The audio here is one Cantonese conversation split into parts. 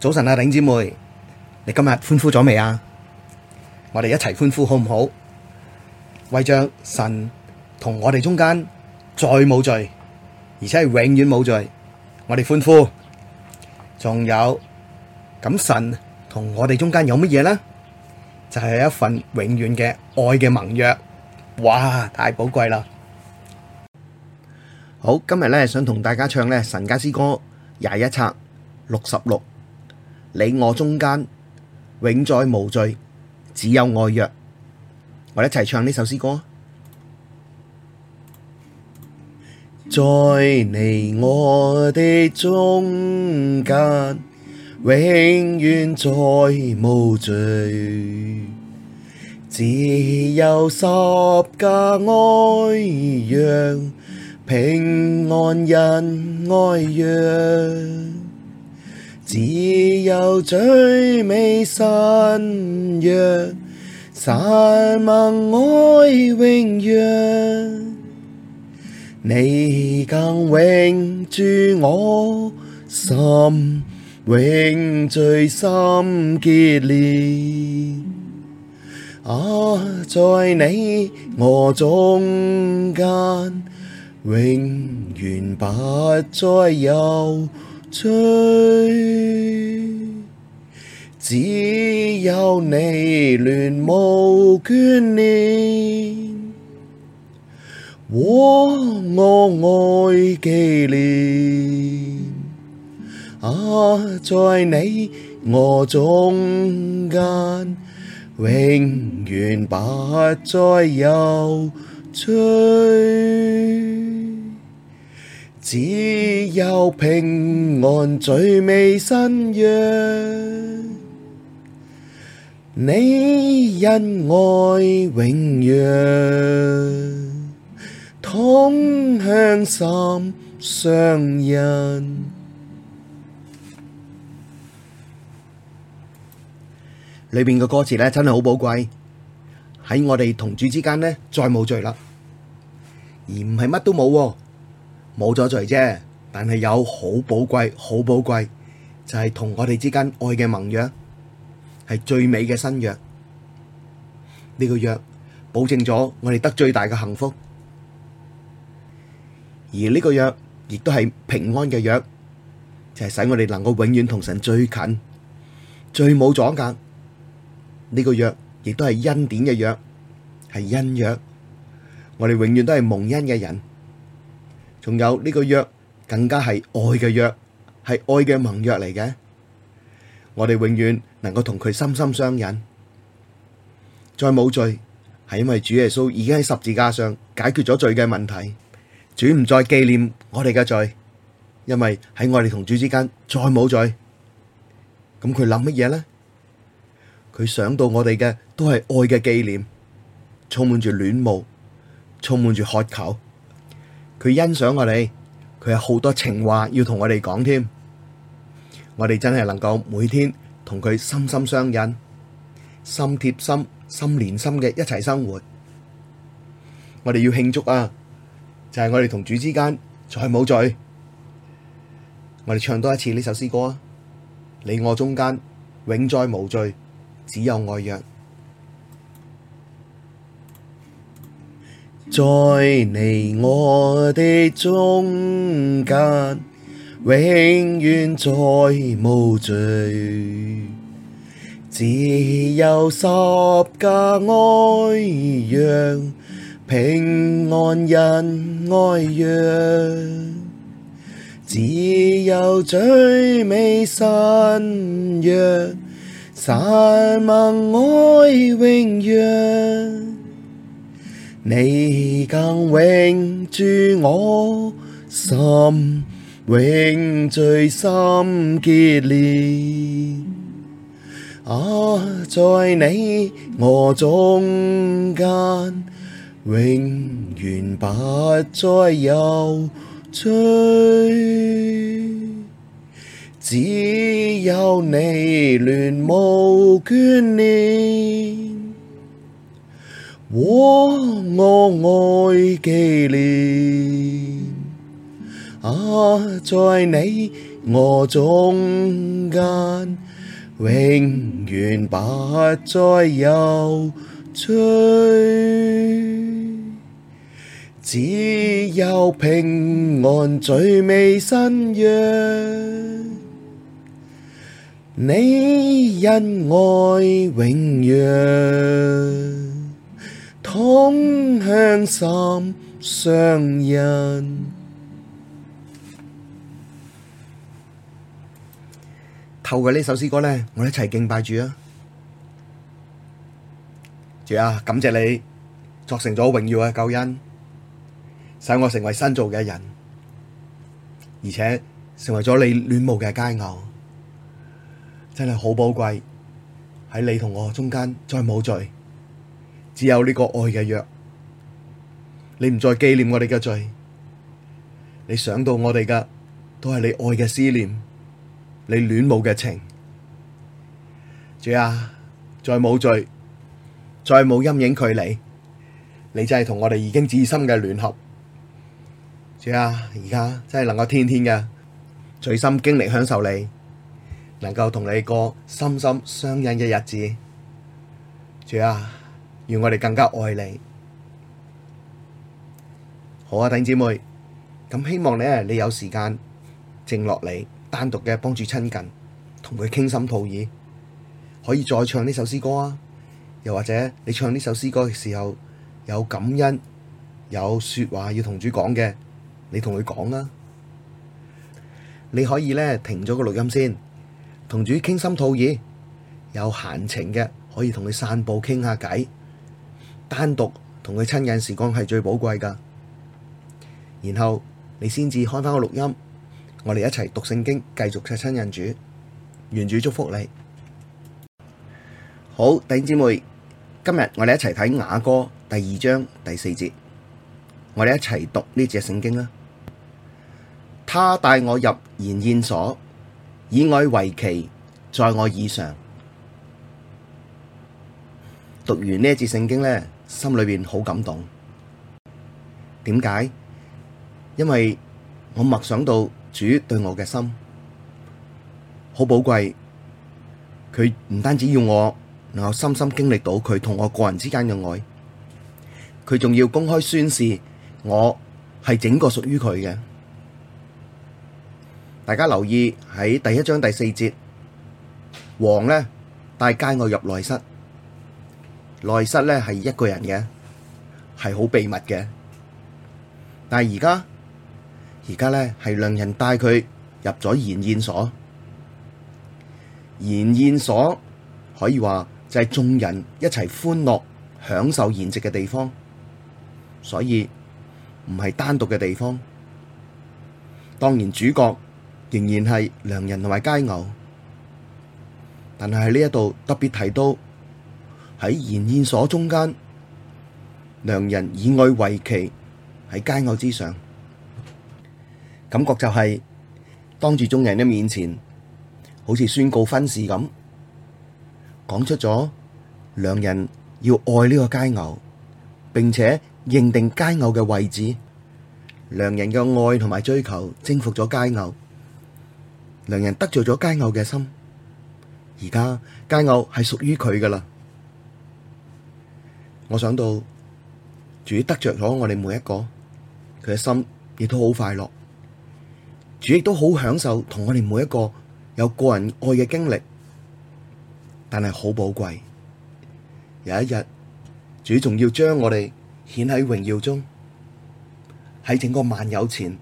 早晨啊，頂姊妹，你今日歡呼咗未啊？我哋一齊歡呼好唔好？為着神同我哋中間再冇罪，而且係永遠冇罪，我哋歡呼。仲有咁神同我哋中間有乜嘢呢？就係一份永遠嘅愛嘅盟約。哇，太寶貴啦！好，今日咧想同大家唱咧《神家詩歌》廿一冊六十六。你我中間永再無罪，只有愛約，我哋一齊唱呢首詩歌。在你我的中間，永遠再無罪，只有十架愛約，平安恩愛約。只有最美新約，山盟愛永約，你更永住我心，永最深結連。啊，在你我中間，永遠不再有。罪，只有祢戀慕、眷念，和我愛記念。啊，在祢我中間，永遠不再有罪。只有平安最美新約，你恩愛永約，同享心相印。裏面嘅歌詞咧，真係好寶貴。喺我哋同主之間咧，再冇罪啦，而唔係乜都冇。冇咗罪啫，但係有好寶貴、好寶貴，就係同我哋之間愛嘅盟約，係最美嘅新約。呢個約保證咗我哋得最大嘅幸福，而呢個約亦都係平安嘅約，就係使我哋能夠永遠同神最近、最冇阻隔。呢個約亦都係恩典嘅約，係恩約，我哋永遠都係蒙恩嘅人。仲有呢個約，更加係愛嘅約，係愛嘅盟約嚟嘅。我哋永遠能夠同佢心心相印，再冇罪，係因為主耶穌已經喺十字架上解決咗罪嘅問題。主唔再紀念我哋嘅罪，因為喺我哋同主之間再冇罪。咁佢諗乜嘢呢？佢想到我哋嘅都係愛嘅紀念，充滿住戀慕，充滿住渴求。佢欣賞我哋，佢有好多情話要同我哋講添。我哋真係能夠每天同佢心心相印、心貼心、心連心嘅一齊生活。我哋要慶祝啊！就係、是、我哋同主之間再冇罪。我哋唱多一次呢首詩歌啊！你我中間永在無罪，只有愛約。在你我的中間，永遠再無罪。只有十架愛約，平安恩愛約。只有最美新約，山盟愛永約。你更永住我心，永最深結連。啊，在你我中間，永遠不再有罪，只有你戀慕、眷念。我我愛紀念啊，在你我中間，永遠不再有罪，只有平安，最美新約，你恩愛永約。同享心相印，透過呢首詩歌呢，我一齊敬拜主啊！主啊，感謝你作成咗榮耀嘅救恩，使我成為新造嘅人，而且成為咗你戀慕嘅佳偶，真係好寶貴，喺你同我中間，再冇罪。只有呢個愛嘅約，你唔再紀念我哋嘅罪，你想到我哋嘅都係你愛嘅思念，你戀慕嘅情，主啊，再冇罪，再冇陰影距離，你真係同我哋已經至深嘅聯合，主啊，而家真係能夠天天嘅，最深經歷享受你，能夠同你過心心相印嘅日子，主啊。讓我哋更加愛你，好啊，弟兄姊妹。咁希望咧，你有時間靜落嚟，單獨嘅幫住親近，同佢傾心吐意，可以再唱呢首詩歌啊。又或者你唱呢首詩歌嘅時候有感恩，有說話要同主講嘅，你同佢講啦，啊。你可以咧停咗個錄音先，同主傾心吐意。有閒情嘅可以同佢散步，傾下偈。單獨同佢親近時光係最寶貴噶然後你先至開翻個錄音，我哋一齊讀聖經，繼續去親近主，願主祝福你。好，弟兄姊妹，今日我哋一齊睇雅歌第二章第四節，我哋一齊讀呢隻聖經啦。他帶我入筵宴所，以愛為旗，在我以上。讀完呢一節聖經咧。心裏邊好感動，點解？因為我默想到主對我嘅心好寶貴，佢唔單止要我能夠深深經歷到佢同我個人之間嘅愛，佢仲要公開宣示我係整個屬於佢嘅。大家留意喺第一章第四節，王呢帶街我入內室。內室咧，係一個人嘅，係好秘密嘅。但係而家，而家咧，係良人帶佢入咗筵宴所。筵宴所可以話就係眾人一齊歡樂享受筵席嘅地方，所以唔係單獨嘅地方。當然主角仍然係良人同埋佳偶，但係喺呢一度特別提到。喺筵宴所中間，良人以愛為旗喺佳偶之上，感覺就係、是、當住眾人嘅面前，好似宣告婚事咁，講出咗良人要愛呢個佳偶，並且認定佳偶嘅位置，良人嘅愛同埋追求征服咗佳偶，良人得罪咗佳偶嘅心，而家佳偶係屬於佢噶啦。我想到主得着咗我哋每一個，佢嘅心亦都好快樂，主亦都好享受同我哋每一個有個人愛嘅經歷，但係好寶貴。有一日主仲要將我哋顯喺榮耀中，喺整個萬有前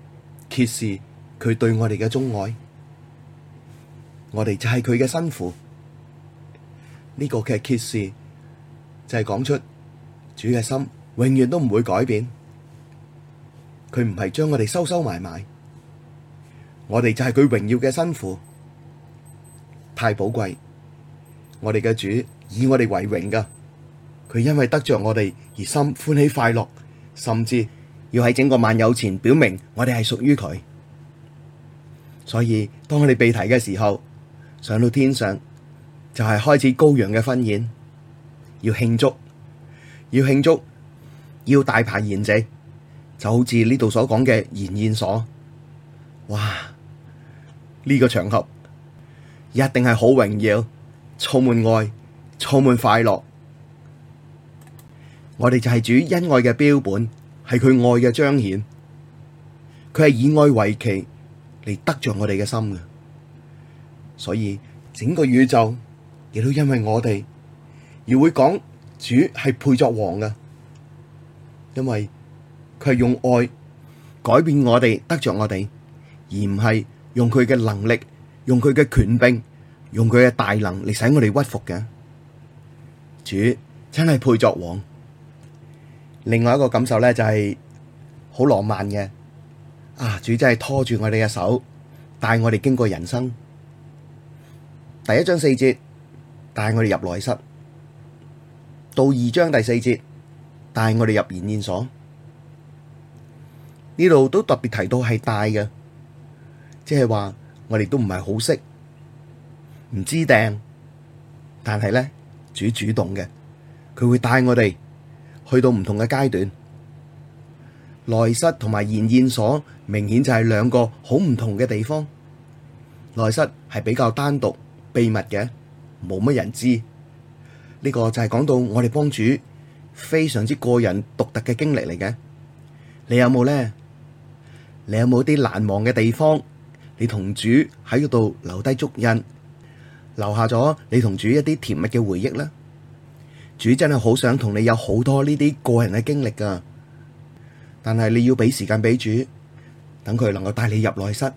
揭示佢對我哋嘅鍾愛，我哋就係佢嘅新婦。呢、這個嘅揭示就係講出。主嘅心永遠都唔會改變，佢唔係將我哋收收埋埋，我哋就係佢榮耀嘅辛苦，太寶貴。我哋嘅主以我哋為榮噶，佢因為得着我哋而心歡喜快樂，甚至要喺整個萬有前表明我哋係屬於佢。所以當我哋被提嘅時候，上到天上就係開始羔羊嘅婚宴，要慶祝。要慶祝，要大排筵席，就好似呢度所講嘅筵宴所，哇！呢個場合一定係好榮耀，充滿愛，充滿快樂。我哋就係主恩愛嘅標本，係佢愛嘅彰顯。佢係以愛為旗嚟得着我哋嘅心嘅，所以整個宇宙亦都因為我哋而會講。主係配作王嘅，因為佢係用愛改變我哋、得着我哋，而唔係用佢嘅能力、用佢嘅權柄、用佢嘅大能嚟使我哋屈服嘅。主真係配作王。另外一個感受咧就係好浪漫嘅，啊主真係拖住我哋嘅手，帶我哋經過人生。第一章四節，帶我哋入內室。到二章第四節，帶我哋入筵宴所，呢度都特別提到係帶嘅，即係話我哋都唔係好識，唔知掟，但係咧主主動嘅，佢會帶我哋去到唔同嘅階段。內室同埋筵宴所明顯就係兩個好唔同嘅地方，內室係比較單獨、秘密嘅，冇乜人知。呢個就係講到我哋幫主非常之個人獨特嘅經歷嚟嘅，你有冇呢？你有冇啲難忘嘅地方？你同主喺嗰度留低足印，留下咗你同主一啲甜蜜嘅回憶呢？主真係好想同你有好多呢啲個人嘅經歷噶但係你要俾時間俾主，等佢能夠帶你入內室，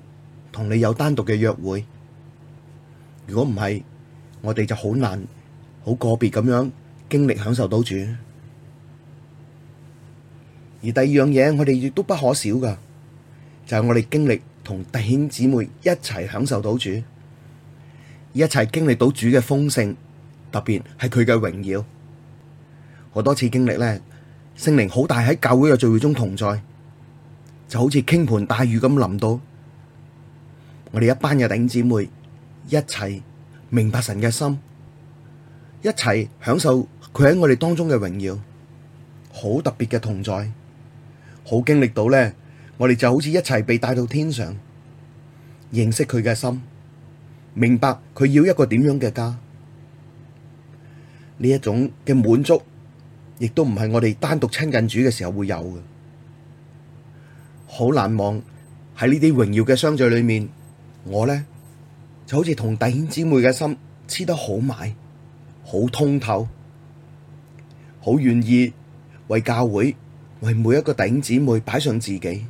同你有單獨嘅約會。如果唔係，我哋就好難。好個別咁樣經歷享受到主，而第二樣嘢我哋亦都不可少噶，就係我哋經歷同弟兄姊妹一齊享受到主，一齊經歷到主嘅豐盛，特別係佢嘅榮耀。我多次經歷呢，聖靈好大喺教會嘅聚會中同在，就好似傾盆大雨咁淋到我哋一班嘅弟兄姊妹，一齊明白神嘅心。一齊享受佢喺我哋當中嘅榮耀，好特別嘅同在，好經歷到咧，我哋就好似一齊被帶到天上，認識佢嘅心，明白佢要一個點樣嘅家，呢一種嘅滿足，亦都唔係我哋單獨親近主嘅時候會有嘅。好難忘喺呢啲榮耀嘅相聚裏面，我咧就好似同弟兄姊妹嘅心黐得好埋。好通透，好願意為教會、為每一個弟兄姊妹擺上自己，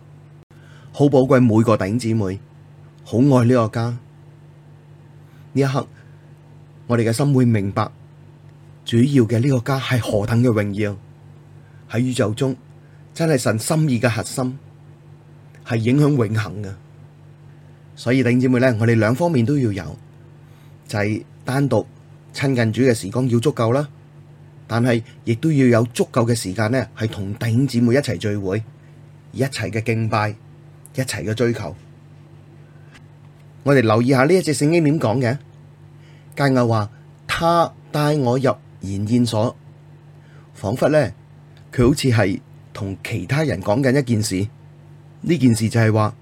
好寶貴每個弟兄姊妹，好愛呢個家。呢一刻，我哋嘅心會明白，主要嘅呢個家係何等嘅榮耀，喺宇宙中真係神心意嘅核心，係影響永恆嘅。所以弟兄姊妹咧，我哋兩方面都要有，就係、是、單獨。親近主嘅時光要足夠啦，但係亦都要有足夠嘅時間呢，係同弟兄姊妹一齊聚會，一齊嘅敬拜，一齊嘅追求。我哋留意下呢一隻聖經點講嘅，佳偶話：他帶我入筵宴所，仿佛呢，佢好似係同其他人講緊一件事。呢件事就係話，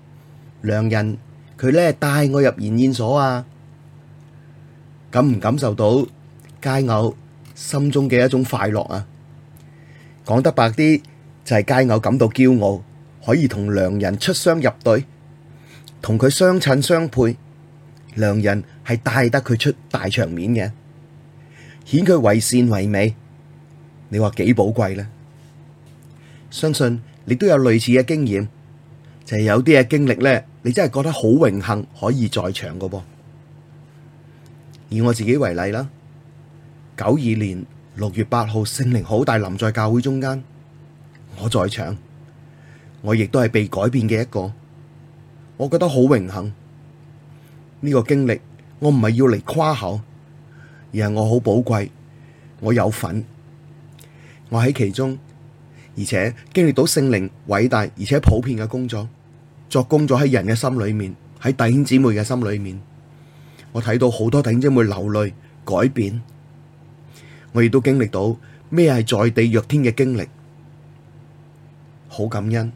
良人佢咧帶我入筵宴所啊。感唔感受到佳偶心中嘅一種快樂啊？講得白啲就係佳偶感到驕傲，可以同良人出雙入對，同佢相襯相配。良人係帶得佢出大場面嘅，顯佢為善為美。你話幾寶貴呢？相信你都有類似嘅經驗，就係有啲嘅經歷咧，你真係覺得好榮幸可以在場㗎噃。以我自己為例啦，九二年六月八號，聖靈好大臨在教會中間，我在場，我亦都係被改變嘅一個，我覺得好榮幸，呢個經歷，我唔係要嚟誇口，而係我好寶貴，我有份，我喺其中，而且經歷到聖靈偉大而且普遍嘅工作，作工作喺人嘅心裏面，喺弟兄姊妹嘅心裏面。我睇到好多頂姊妹流淚改變，我亦都經歷到咩係在地若天嘅經歷，好感恩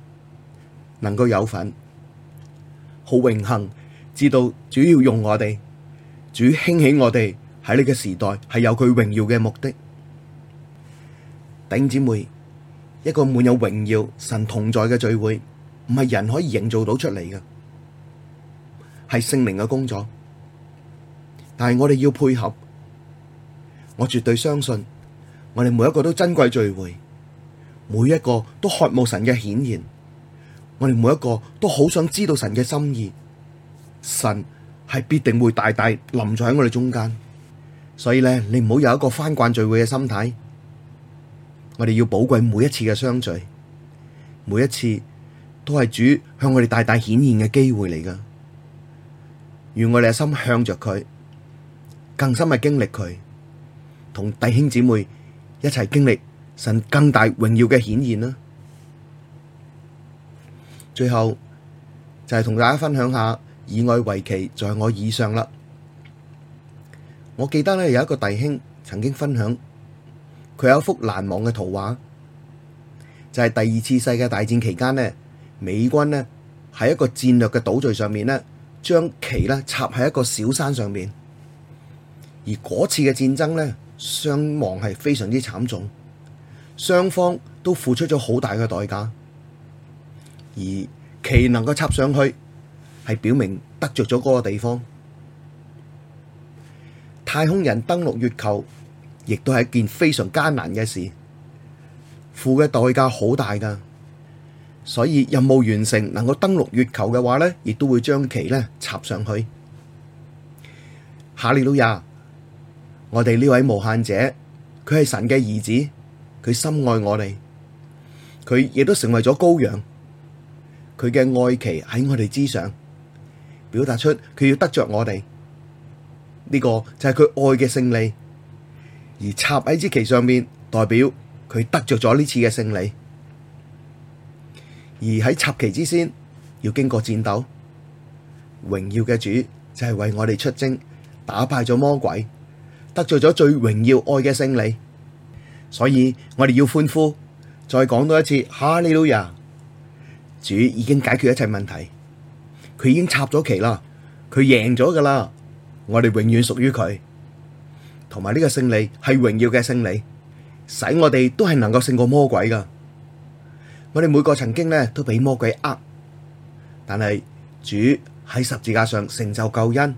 能夠有份，好榮幸知道主要用我哋，主興起我哋喺呢個時代係有佢榮耀嘅目的。頂姊妹一個滿有榮耀神同在嘅聚會，唔係人可以營造到出嚟嘅，係聖靈嘅工作。但係我哋要配合，我絕對相信，我哋每一個都珍貴聚會，每一個都渴望神嘅顯現，我哋每一個都好想知道神嘅心意，神係必定會大大臨在喺我哋中間，所以咧，你唔好有一個翻慣聚會嘅心態，我哋要寶貴每一次嘅相聚，每一次都係主向我哋大大顯現嘅機會嚟㗎，願我哋嘅心向着佢。更深嘅經歷，佢同弟兄姊妹一齊經歷神更大榮耀嘅顯現啦。最後就係、是、同大家分享下以愛為旗，在我以上啦。我記得咧有一個弟兄曾經分享，佢有一幅難忘嘅圖畫，就係、是、第二次世界大戰期間呢美軍咧喺一個戰略嘅島嶼上面呢將旗咧插喺一個小山上面。而嗰次嘅戰爭呢，傷亡係非常之慘重，雙方都付出咗好大嘅代價。而旗能夠插上去，係表明得着咗嗰個地方。太空人登陸月球，亦都係一件非常艱難嘅事，付嘅代價好大㗎。所以任務完成，能夠登陸月球嘅話呢，亦都會將旗呢插上去。哈利路亞。我哋呢位無限者，佢係神嘅兒子，佢深愛我哋，佢亦都成為咗羔羊，佢嘅愛旗喺我哋之上，表達出佢要得着我哋，呢個就係佢愛嘅勝利，而插喺支旗上面，代表佢得着咗呢次嘅勝利，而喺插旗之先，要經過戰鬥，榮耀嘅主就係為我哋出征，打敗咗魔鬼。得著咗最榮耀愛嘅勝利，所以我哋要歡呼，再講多一次，哈利路亞！主已經解決一切問題，佢已經插咗旗啦，佢贏咗噶啦，我哋永遠屬於佢，同埋呢個勝利係榮耀嘅勝利，使我哋都係能夠勝過魔鬼噶。我哋每個曾經呢都俾魔鬼呃，但係主喺十字架上成就救恩，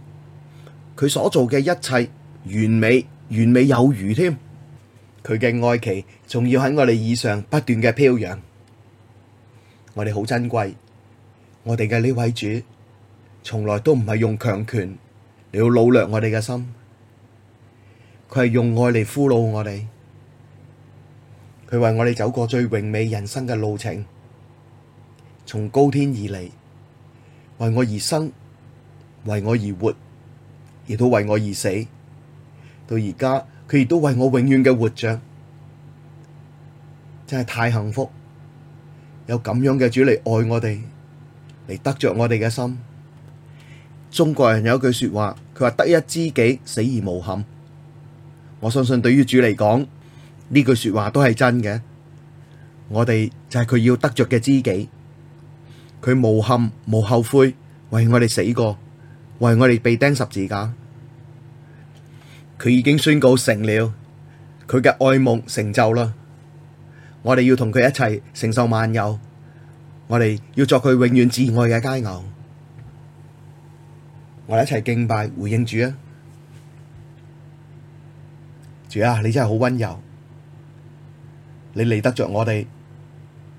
佢所做嘅一切。完美，完美有餘添。佢嘅愛旗仲要喺我哋以上不斷嘅飄揚。我哋好珍貴，我哋嘅呢位主，從來都唔係用強權嚟到擄掠我哋嘅心，佢係用愛嚟俘虜我哋。佢為我哋走過最榮美人生嘅路程，從高天而嚟，為我而生，為我而活，亦都為我而死。到而家，佢亦都為我永遠嘅活着，真係太幸福。有咁樣嘅主嚟愛我哋，嚟得着我哋嘅心。中國人有一句說話，佢話得一知己，死而無憾。我相信對於主嚟講，呢句說話都係真嘅。我哋就係佢要得着嘅知己，佢無憾無後悔，為我哋死過，為我哋被釘十字架。佢已經宣告成了，佢嘅愛慕成就啦！我哋要同佢一齊承受萬有，我哋要作佢永遠摯愛嘅佳偶。我哋一齊敬拜回應主啊！主啊，你真係好溫柔，你嚟得着我哋，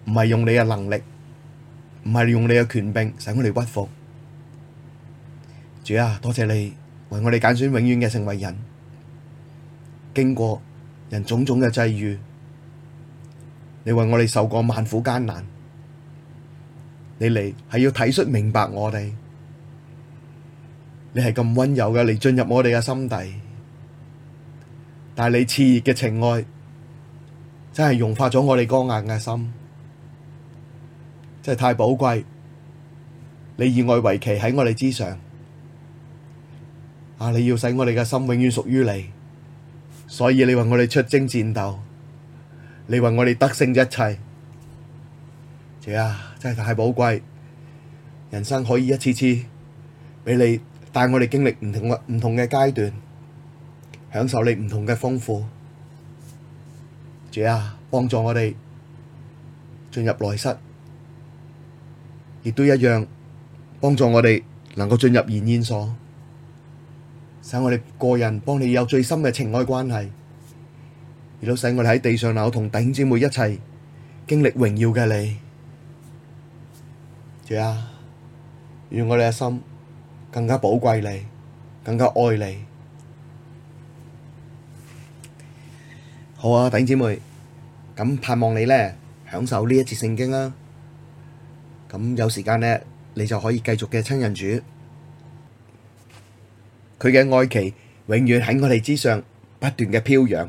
唔係用你嘅能力，唔係用你嘅權柄使我哋屈服。主啊，多謝你為我哋揀選永遠嘅成為人。經過人種種嘅際遇，你為我哋受過萬苦艱難，你嚟係要體恤明白我哋，你係咁溫柔嘅嚟進入我哋嘅心底，但係你熾熱嘅情愛真係融化咗我哋剛硬嘅心，真係太寶貴。你以愛為旗喺我哋之上，啊！你要使我哋嘅心永遠屬於你。所以你為我哋出征戰鬥，你為我哋得勝一切，主啊，真係太寶貴，人生可以一次次畀你帶我哋經歷唔同嘅唔同嘅階段，享受你唔同嘅豐富，主啊，幫助我哋進入內室，亦都一樣幫助我哋能夠進入筵宴所。使我哋個人幫你有最深嘅情愛關係，亦都使我哋喺地上樓同弟兄姊妹一齊經歷榮耀嘅你，主啊，願我哋嘅心更加寶貴你，更加愛你。好啊，弟兄姊妹，咁盼望你咧享受呢一節聖經啦、啊。咁有時間咧，你就可以繼續嘅親近主。佢嘅愛旗永遠喺我哋之上，不斷嘅飄揚。